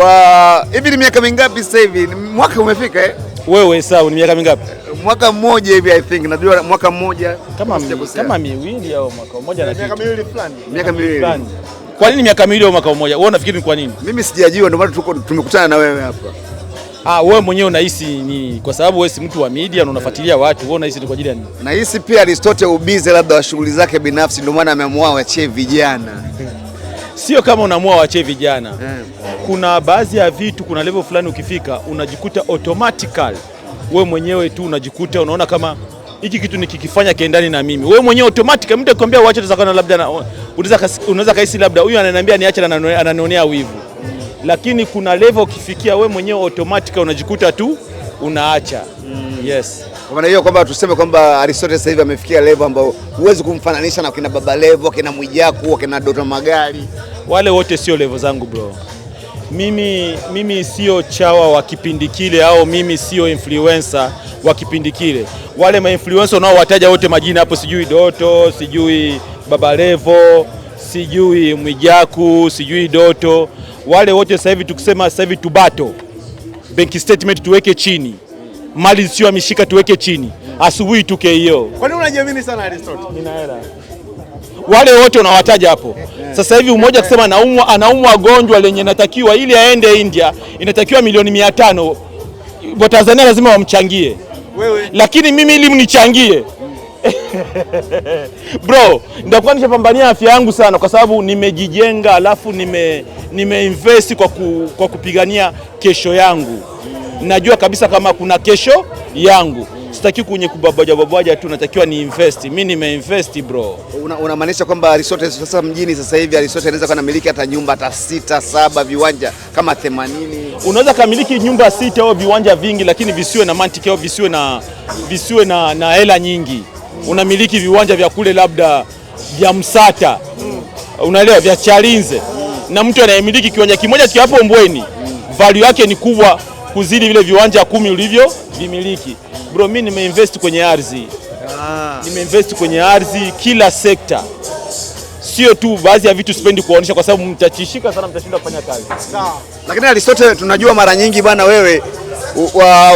Kwa hivi ni miaka mingapi sasa hivi? Mwaka umefika eh? Wewe sawa, ni miaka mingapi? Mwaka mmoja hivi I think. Najua mwaka mmoja kama kama miwili au mwaka mmoja na miaka miwili fulani. Miaka miwili. Kwa nini miaka miwili au mwaka mmoja? Wewe unafikiri ni kwa nini? Mimi sijajua, ndio maana tuko tumekutana na wewe hapa. Ah, wewe mwenyewe unahisi ni kwa sababu wewe si mtu wa media na unafuatilia watu, wewe unahisi ni kwa ajili ya nini? Nahisi pia Aristotle ubize labda wa shughuli zake binafsi, ndio maana ameamua wachie vijana sio kama unaamua wache vijana. Eh. Kuna baadhi ya vitu, kuna level fulani ukifika unajikuta automatically wewe mwenyewe tu unajikuta unaona kama hiki kitu nikikifanya kiendani na mimi, wewe mwenyewe automatically, Mtu akikwambia uache, unaweza kahisi labda huyu ananiambia niache na ananionea wivu, lakini kuna level ukifikia wewe mwenyewe automatically unajikuta tu unaacha. Mm. Yes. Kwa maana hiyo kwamba tuseme kwamba Aristotle sasa hivi amefikia level ambayo huwezi kumfananisha na kina Baba level, kina Mwijaku, kina Doto Magari, wale wote sio level zangu bro. Mimi, mimi sio chawa wa kipindi kile, au mimi sio influencer wa kipindi kile. Wale mainfluencer unaowataja wote majina hapo, sijui Doto, sijui Baba Levo, sijui Mwijaku, sijui Doto, wale wote sasa hivi tukisema sasa hivi tubato bank statement tuweke chini mali sio ameshika, tuweke chini asubuhi tuke hiyo Kwa nini unajiamini sana Aristotle? Nina hela. Wale wote unawataja hapo eh, eh. sasa hivi umoja kusema anaumwa anaumwa gonjwa lenye natakiwa ili aende India inatakiwa milioni mia tano lazima wamchangie wewe, lakini mimi ili mnichangie bro, nitakuwa nishapambania afya yangu sana, kwa sababu nimejijenga, alafu nime nimeinvest kwa, ku, kwa kupigania kesho yangu najua kabisa kama kuna kesho yangu sitaki kwenye kubabaja babaja tu, natakiwa ni invest. Mimi nimeinvest bro. Unamaanisha una kwamba resort sasa mjini sasa hivi resort inaweza kuwa namiliki hata nyumba hata sita saba viwanja kama 80. Unaweza kamiliki nyumba sita au viwanja vingi, lakini visiwe na mantiki au visiwe na visiwe na, na hela nyingi. Unamiliki viwanja vya kule labda vya Msata, unaelewa, vya Chalinze, na mtu anayemiliki kiwanja kimoja cha Mbweni, value yake ni kubwa kuzidi vile viwanja kumi ulivyo vimiliki. Bro, mimi nimeinvest kwenye ardhi ah. Nimeinvest kwenye ardhi kila sekta, sio tu baadhi ya vitu sipendi kuonesha kwa sababu mtachishika sana, mtashinda kufanya kazi sawa. Lakini Aristotle, tunajua mara nyingi bwana, wewe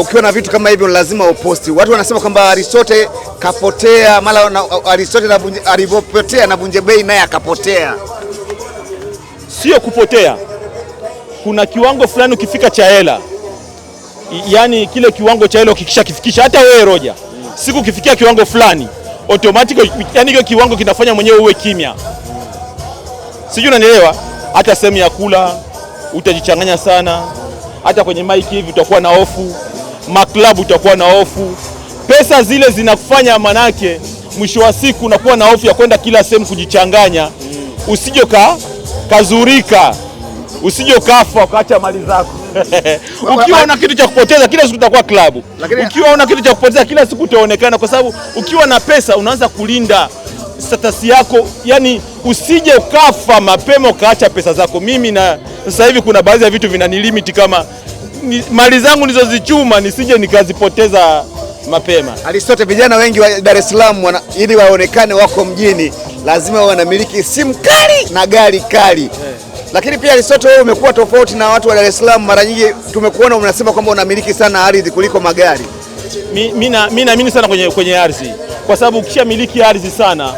ukiwa na vitu kama hivyo lazima uposti. Watu wanasema kwamba Aristote kapotea, mara Aristotle alivyopotea na bunje Bei naye akapotea. Sio kupotea, kuna kiwango fulani ukifika cha hela yani kile kiwango cha hilo kikisha kifikisha, hata wewe Roja, siku kifikia kiwango fulani automatic, yani hiyo kiwango kinafanya mwenyewe uwe kimya, sijui unanielewa. Hata sehemu ya kula utajichanganya sana, hata kwenye maiki hivi utakuwa na hofu, maklabu utakuwa na hofu, pesa zile zinakufanya manake, mwisho wa siku unakuwa na hofu ya kwenda kila sehemu kujichanganya, usije kazurika usije ukafa ukaacha mali zako. ukiwa una kitu cha kupoteza kila siku utakuwa klabu. Ukiwa una kitu cha kupoteza kila siku utaonekana, kwa sababu ukiwa na pesa unaanza kulinda status yako, yani usije ukafa mapema ukaacha pesa zako. Mimi na sasa hivi kuna baadhi ya vitu vinanilimiti kama ni, mali zangu nilizozichuma nisije nikazipoteza mapema. Alisote, vijana wengi wa Dar es Salaam ili waonekane wako mjini lazima wanamiliki simu kali na gari kali, yeah. Lakini pia lisoto wewe umekuwa tofauti na watu wa Dar es Salaam, mara nyingi tumekuona unasema kwamba unamiliki sana ardhi kuliko magari. Mimi naamini sana kwenye, kwenye ardhi kwa sababu miliki ardhi sana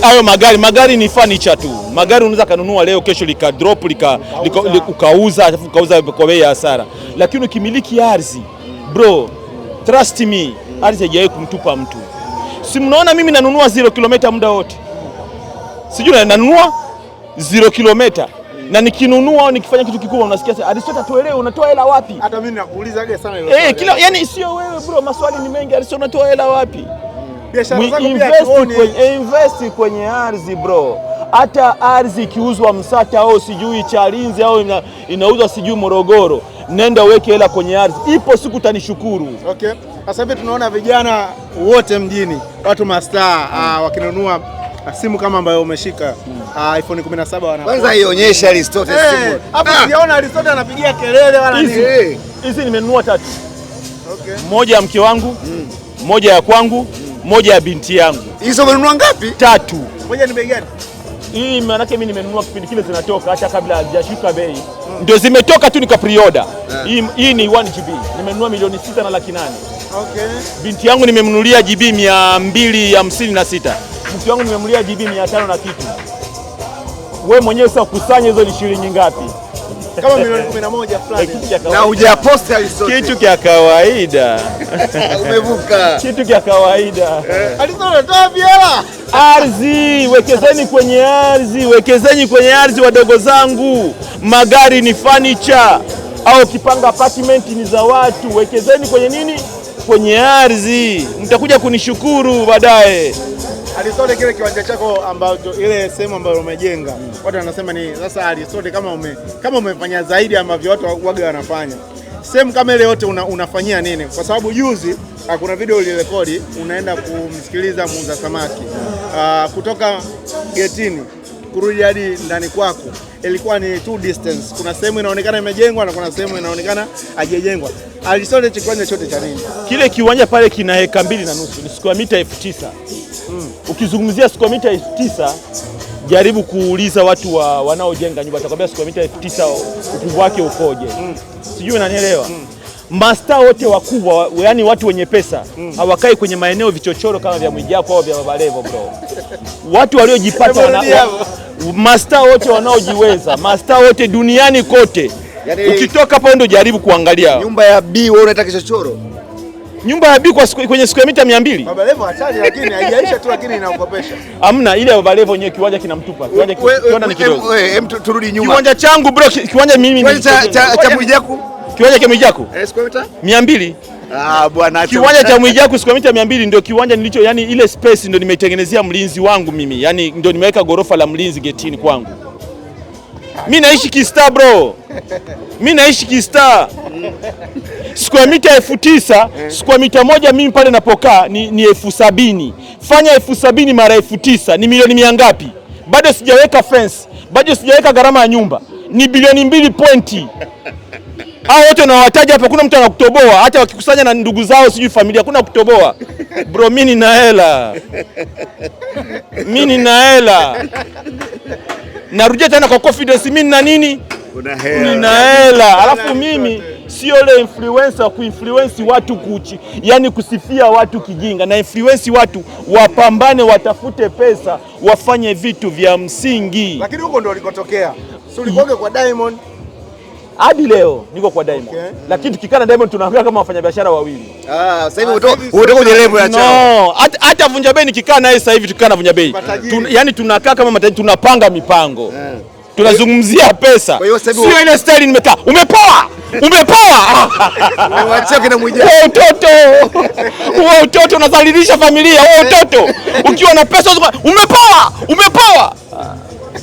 hayo magari magari ni furniture tu. Magari unaweza kanunua leo, kesho lika drop lika, ukauza alafu ukauza kwa bei ya hasara, lakini ukimiliki ardhi bro, trust me, ardhi haijawahi kumtupa mtu. Si mnaona mimi nanunua zero kilometa muda wote, sijui nanunua zero kilometa na nikinunua au nikifanya kitu kikubwa unasikia Aristotle tuelewe, unatoa hela wapi? Hata mimi nakuulizaga sana hilo. Eh, kila yani sio wewe bro, maswali ni mengi. Aristotle unatoa hela wapi? Biashara zako pia eh, invest kwenye ardhi bro hata ardhi ikiuzwa Msata au sijui chalinzi au ina, inauzwa sijui Morogoro, nenda uweke hela kwenye ardhi, ipo siku utanishukuru. Okay, sasa hivi tunaona vijana wote mjini, watu mastaa ah, wakinunua na simu kama ambayo umeshika hmm. Uh, iPhone 17 wana. Kwanza ionyesha Aristotle eh, simu. Hapo ah! sijaona Aristotle anapigia kelele wala nini. Hizi hey. nimenunua tatu. Okay. Moja ya mke wangu, hmm. moja ya kwangu, hmm. moja ya binti yangu. Hizo umenunua ngapi? Tatu. Moja ni bei gani? Hii maana yake mimi nimenunua kipindi kile zinatoka hata kabla hazijashuka bei. hmm. Ndio zimetoka tu nika pre-order. Yeah. Hii ni 1 GB. Nimenunua milioni sita na laki nane. Okay. Binti yangu nimemnunulia GB mia mbili hamsini na sita mtu wangu nimemlia GB mia na kitu, we mwenyewe sasa kusanya hizo ni shilingi ngapi? kama milioni 11 fulani na hujapost alisote, kitu kya kawaida umevuka, kitu kya kawaida eh, ardhi. Wekezeni kwenye ardhi, wekezeni kwenye ardhi, wadogo zangu. Magari ni furniture au kipanga apartment ni za watu. Wekezeni kwenye nini? Kwenye ardhi, mtakuja kunishukuru baadaye. Aristotle kile kiwanja chako ambacho ile sehemu ambayo umejenga mm. Watu wanasema ni sasa Aristotle kama ume, kama umefanya zaidi ambavyo watu waga wanafanya sehemu kama ile yote una, unafanyia nini? Kwa sababu juzi ah, kuna video ulirekodi unaenda kumsikiliza muuza samaki uh, kutoka getini kurudi hadi ndani kwako ilikuwa ni two distance. Kuna sehemu inaonekana imejengwa na kuna sehemu inaonekana haijajengwa. Alisonde kiwanja chote cha nini? Kile kiwanja pale kina heka mbili na nusu, ni square mita elfu tisa. Mm. Ukizungumzia square mita elfu tisa jaribu kuuliza watu wa, wanaojenga nyumba, atakwambia square mita elfu tisa ukubwa wake ukoje? Mm. Sijui unanielewa? Mm mastaa wote wakubwa, yaani watu wenye pesa mm. hawakai kwenye maeneo vichochoro kama vya Mwijaku au vya Baba Levo bro. Watu waliojipata wana mastaa wote wanaojiweza, mastaa wote duniani kote yani, ukitoka hapo ndio jaribu kuangalia nyumba ya B wewe unaita kichochoro nyumba ya B kwa siku, kwenye siku ya mita 200. Baba Levo hatari lakini haijaisha tu lakini inaokopesha. Hamna ile ya Baba Levo yenyewe kiwanja kinamtupa. Kiwanja kiwanja ni kidogo. Hem, Turudi nyuma. Kiwanja changu bro, kiwanja mimi ni cha Mwijaku. Kiwanja cha Mwijaku eh, mia mbili Ah, bwana kiwanja cha Mwijaku square mita mia mbili ndio kiwanja nilicho, yani ile space ndio nimeitengenezea mlinzi wangu mimi, yani ndio nimeweka gorofa la mlinzi getini kwangu. Mi naishi kista bro, mi naishi kista square mita elfu tisa square mita moja mimi pale napokaa ni, ni elfu sabini fanya elfu sabini mara elfu tisa ni milioni mia ngapi? Bado sijaweka fence, bado sijaweka gharama ya nyumba, ni bilioni mbili pointi hao wote unawataja hapa, kuna mtu anakutoboa? Hata wakikusanya na ndugu zao, sijui familia, kuna kutoboa? Bro, mi nina hela, mi nina hela. Narudia tena kwa confidence, mi nina nini? Nina hela. Alafu mimi sio ile influencer kuinfluence watu kuchi, yani kusifia watu kijinga, na influence watu wapambane, watafute pesa, wafanye vitu vya msingi. Lakini huko ndo ulikotokea, si ulikoge kwa Diamond hadi leo niko kwa Diamond okay. Lakini tukikaa na Diamond tunaongea kama wafanyabiashara wawili. Ah, sasa hivi ah, utoka kwenye level ya chao. No, hata Vunja Bei nikikaa naye sasa hivi tukikaa na Vunja Bei. Tun, yani tunakaa kama matajiri tunapanga mipango yeah. Tunazungumzia pesa. Sio ile style nimekaa. Umepoa. Umepoa. kina Wewe utoto. Wewe utoto unadhalilisha familia. Wewe utoto. Ukiwa na pesa umepoa. Umepoa.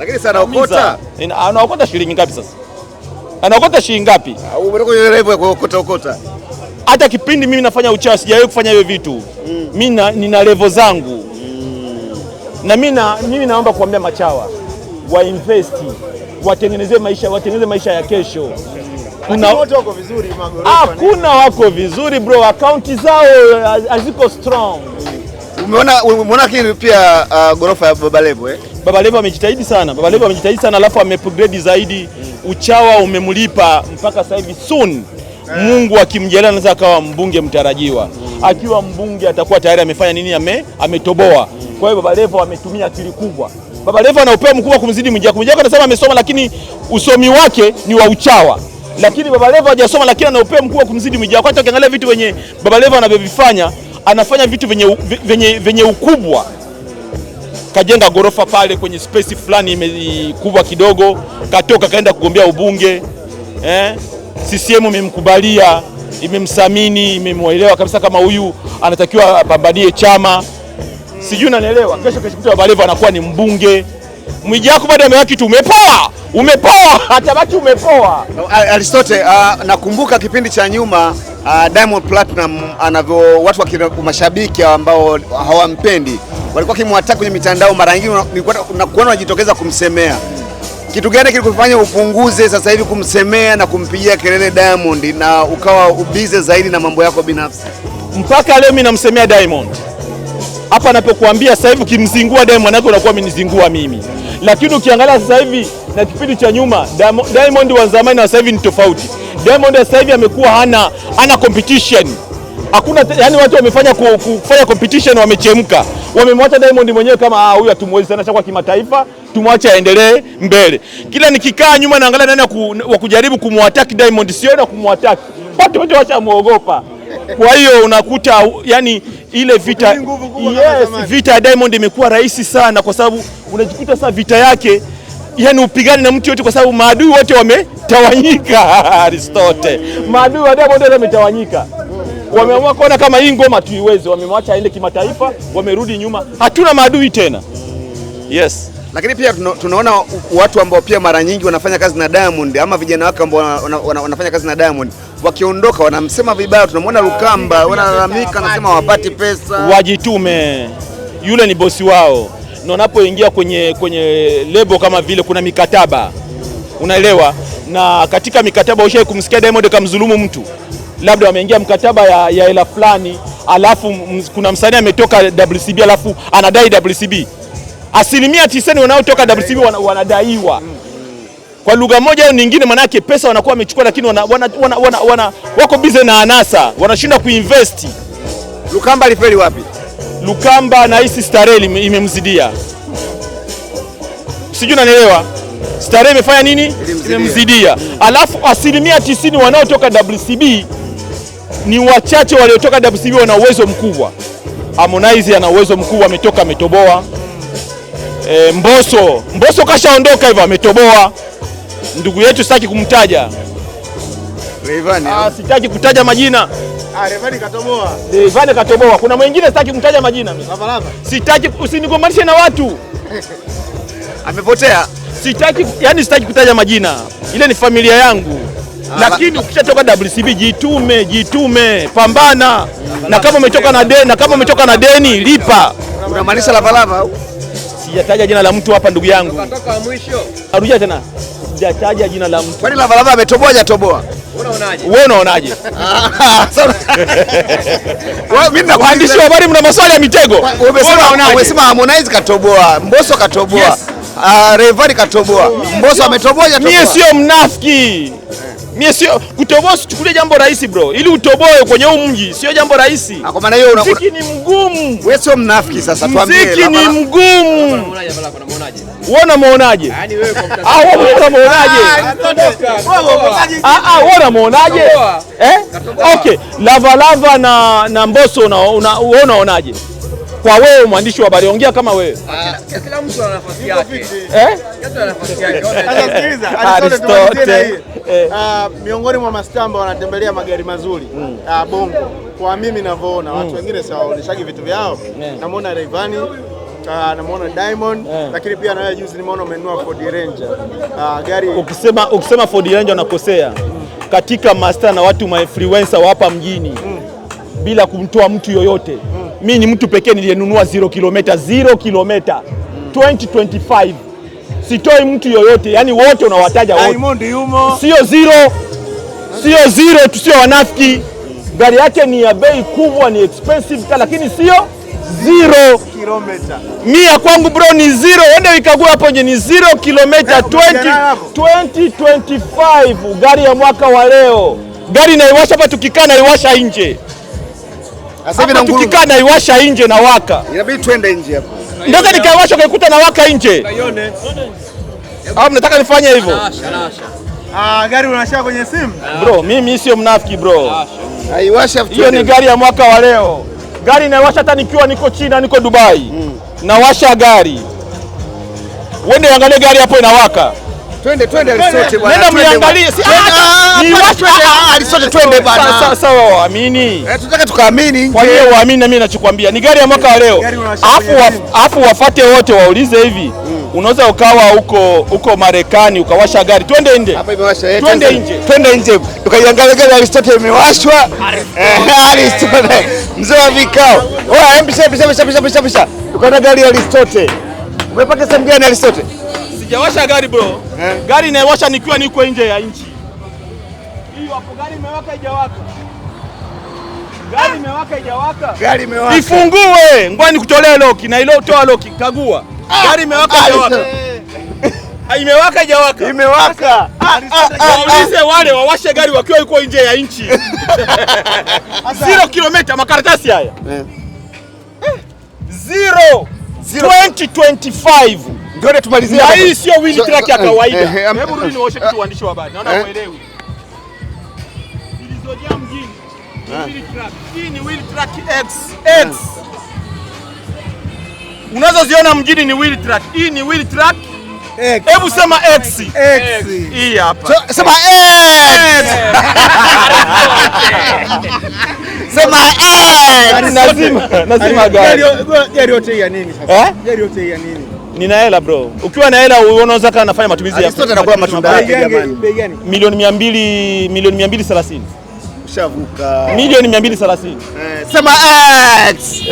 Lakini sana ukota. Anaokota shilingi ngapi sasa? anaokota shilingi ngapi? Hata kipindi mimi nafanya uchawi sijawahi kufanya hiyo vitu mm. Mimi nina levo zangu mm. Na mimi naomba kuambia machawa wa invest watengeneze maisha, watengeneze maisha ya kesho. Kuna mm. wako vizuri, hakuna wako vizuri bro, akaunti zao eh, haziko strong. Umeona, umeona lakini pia uh, gorofa ya Baba eh? Baba Levo amejitahidi sana, Baba Levo amejitahidi sana, alafu ameprogredi zaidi, uchawa umemlipa mpaka sasa hivi soon Mungu akimjalia anaweza akawa mbunge mtarajiwa. Akiwa mbunge atakuwa tayari amefanya nini? Ame, ametoboa. Kwa hiyo Baba Levo ametumia akili kubwa. Baba Levo ana upeo mkubwa kumzidi Mwijaku. Mwijaku anasema amesoma, lakini usomi wake ni wa uchawa, lakini Baba Levo hajasoma, lakini ana upeo mkubwa kumzidi Mwijaku. Hata ukiangalia vitu venye Baba Levo anavyovifanya, anafanya vitu venye, venye, venye ukubwa kajenga gorofa pale kwenye space fulani kubwa kidogo, katoka kaenda kugombea ubunge eh? CCM imemkubalia, imemsamini, imemwelewa kabisa kama huyu anatakiwa apambanie chama, sijui unanielewa. Kesho kesho Balevo anakuwa ni mbunge. Mwijaku bado amebaki tu, umepoa, umepoa, atabaki umepoa. Aristote, uh, nakumbuka kipindi cha nyuma uh, Diamond Platinum anavyo watu wa mashabiki ambao hawampendi walikuwa kimwataki kwenye mitandao, mara nyingi nakuona unajitokeza kumsemea. Kitu gani kilikufanya upunguze sasa hivi kumsemea na kumpigia kelele Diamond na ukawa ubize zaidi na mambo yako binafsi? Mpaka leo mimi namsemea Diamond hapa napokuambia sasa hivi, ukimzingua Diamond yake unakuwa amenizingua mimi, lakini ukiangalia sasa hivi na kipindi cha nyuma, Diamond wa zamani na sasa hivi ni tofauti. Diamond sasa hivi amekuwa hana, hana competition hakuna yani, watu wamefanya kufanya competition, wamechemka, wamemwacha Diamond mwenyewe kama ah, huyu hatumwezi sana chakwa kimataifa, tumwache aendelee mbele. Kila nikikaa nyuma naangalia nani wa kujaribu kumwattack Diamond, sio na kumwattack, watu wote washamuogopa. Kwa hiyo unakuta yani ile vita yes, vita ya Diamond imekuwa rahisi sana, kwa sababu unajikuta sasa vita yake yani upigane na mtu yote, kwa sababu maadui wote wametawanyika. Aristote, maadui wa Diamond wametawanyika wameamua kuona kama hii ngoma tuiweze, wamemwacha aende kimataifa, wamerudi nyuma, hatuna maadui tena. Yes, lakini pia tunaona watu ambao pia mara nyingi wanafanya kazi na Diamond ama vijana wake ambao wanafanya kazi na Diamond wakiondoka wanamsema vibaya. Tunamwona Lukamba, wanalalamika, anasema wapati pesa. Wajitume, yule ni bosi wao, na unapoingia kwenye, kwenye lebo kama vile kuna mikataba, unaelewa. Na katika mikataba, ushai kumsikia Diamond kamdhulumu mtu labda wameingia mkataba ya, ya hela fulani, alafu kuna msanii ametoka WCB alafu anadai WCB. Asilimia tisini wanaotoka WCB wana, wanadaiwa kwa lugha moja au nyingine, manake pesa wanakuwa wamechukua, lakini wana, wana, wana, wana, wana, wako bize na anasa, wanashindwa kuinvest. Lukamba alifeli wapi? Lukamba hisi starehe imemzidia, sijui unanielewa. Starehe imefanya nini? Imemzidia. Alafu asilimia tisini wanaotoka WCB ni wachache waliotoka WCB wana uwezo mkubwa. Harmonize ana uwezo mkubwa, ametoka ametoboa. E, mboso Mboso kashaondoka hivyo, ametoboa. Ndugu yetu sitaki kumtaja Rayvanny, ah, sitaki kutaja majina. Ah, Rayvanny katoboa. Rayvanny katoboa. Kuna mwingine sitaki kumtaja majina mimi. Lava lava. Sitaki usinigombanishe na watu amepotea. Sitaki, yani sitaki kutaja majina, ile ni familia yangu. Ah, lakini ukishatoka WCB jitume, jitume, pambana na kama umetoka na deni, na kama umetoka na deni lipa. Unamaanisha Lavalava au? Sijataja jina la mtu hapa ndugu yangu. mwisho. Arudia tena. Sijataja jina la mtu. Kwani Lavalava ametoboa hajatoboa? Wewe unaonaje? Mimi Waandishi wa habari mna maswali ya mitego. Umesema Harmonize katoboa, Mboso katoboa, Uh, Rayvanny katoboa. Mboso ametoboa hajatoboa? Mimi sio mnafiki. Mie sio kutoboa, sichukulie jambo rahisi bro, ili utoboe kwenye huu mji sio jambo rahisi. Kwa maana hiyo muziki ni mgumu. Wewe sio mnafiki sasa, tuambie. Muziki ni mgumu. Wewe unamuonaje? Yaani wewe kwa mtazamo. Ah, wewe unamuonaje? Ah wewe unamuonaje? Eh? Okay, Lava Lava na na Mbosso una wewe unaonaje? kwa wewe mwandishi wa habari, ongea kama wewe. Ah, eh, eh? Kila mtu ana nafasi yake. Eh? Ana ah, nafasi yake. Sasa sikiliza, miongoni mwa mastaa ambao wanatembelea magari mazuri mm. ah, Bongo kwa mimi ninavyoona mm. watu wengine sawaonyeshagi vitu vyao yeah. namuona Rayvanny Uh, namuona Diamond yeah. Lakini pia nawe juzi nimeona umenunua Ford Ranger. Uh, gari ukisema, ukisema Ford Ranger unakosea mm. Katika master na watu ma influencer wa hapa mjini mm. Bila kumtoa mtu yoyote mm mi ni mtu pekee niliyenunua zero kilometa, zero kilometa 2025 sitoi mtu yoyote, yani wote unawataja wote. Diamond yumo, sio zero, sio zero, tusio wanafiki. Gari yake ni ya bei kubwa, ni expensive, lakini sio zero kilometa. Mia kwangu bro ni zero, ende ikagua hapo nje, ni zero kilometa 20 2025, gari ya mwaka wa leo. Gari naiwasha hapa, tukikaa naiwasha nje tukikaa naiwasha nje na waka, inabidi twende nje hapo, ndoka nikaiwasha kaikuta na waka nje, au mnataka nifanye hivyo? Ah, gari unashia kwenye simu bro, mimi sio mnafiki bro, naiwasha hiyo ni gari ya mwaka wa leo, gari naiwasha hata nikiwa niko China, niko Dubai, hmm. nawasha gari, wende angalie gari hapo inawaka. Twende twende Alisote bwana. Nenda mliangalie. Si ni ah, ah, ah, Alisote twende bwana. Sawa sawa waamini. Eh, tunataka tukaamini. Kwa hiyo waamini na mimi nachokuambia ni gari ya mwaka wa leo. Alafu alafu wafate wote waulize hivi. Hmm. Unaweza ukawa huko huko Marekani ukawasha gari. Twende nje. Hapa imewasha yetu. Eh, twende nje. Twende nje. Tukaiangalia gari Alisote imewashwa. Alisote. Eh, Mzee wa vikao. Oa, hebu sasa sasa sasa sasa. Tukaona gari Alisote. Umepaka sehemu gani Alisote? Sijawasha gari bro. Eh? Gari inawasha nikiwa niko nje ya nchi. Hiyo hapo gari imewaka haijawaka. Gari ah! imewaka haijawaka. Gari imewaka. Ifungue, ngoja nikutolee loki na ile toa loki kagua. Ah! Gari imewaka haijawaka. Ah! Imewaka haijawaka. Imewaka. Waulize wale wawashe gari wakiwa yuko nje ya nchi. Zero kilomita makaratasi haya. Eh. eh zero. Zero. 2025. Ndio tumalizie. Na hii sio win track ya eh, kawaida. Eh, eh, Hebu rudi nioshe kitu waandishi wa habari. Naona huelewi. Zilizojaa mjini. Wheel track. Hii ni wheel track X. X. Unazoziona mjini ni wheel track. Hii ni wheel track. Hebu sema X. X. Hii hapa. Sema X. Sema X. Nazima. Yaani Nazima yaani gari. Gari yote ya nini sasa? Gari yote ya nini? Nina hela bro. Ukiwa na hela unaweza kana nafanya matumizi ya. sote, tunakula matunda yake jamani. Milioni 200, milioni 230. Ushavuka. Milioni 230. Eh, sema X.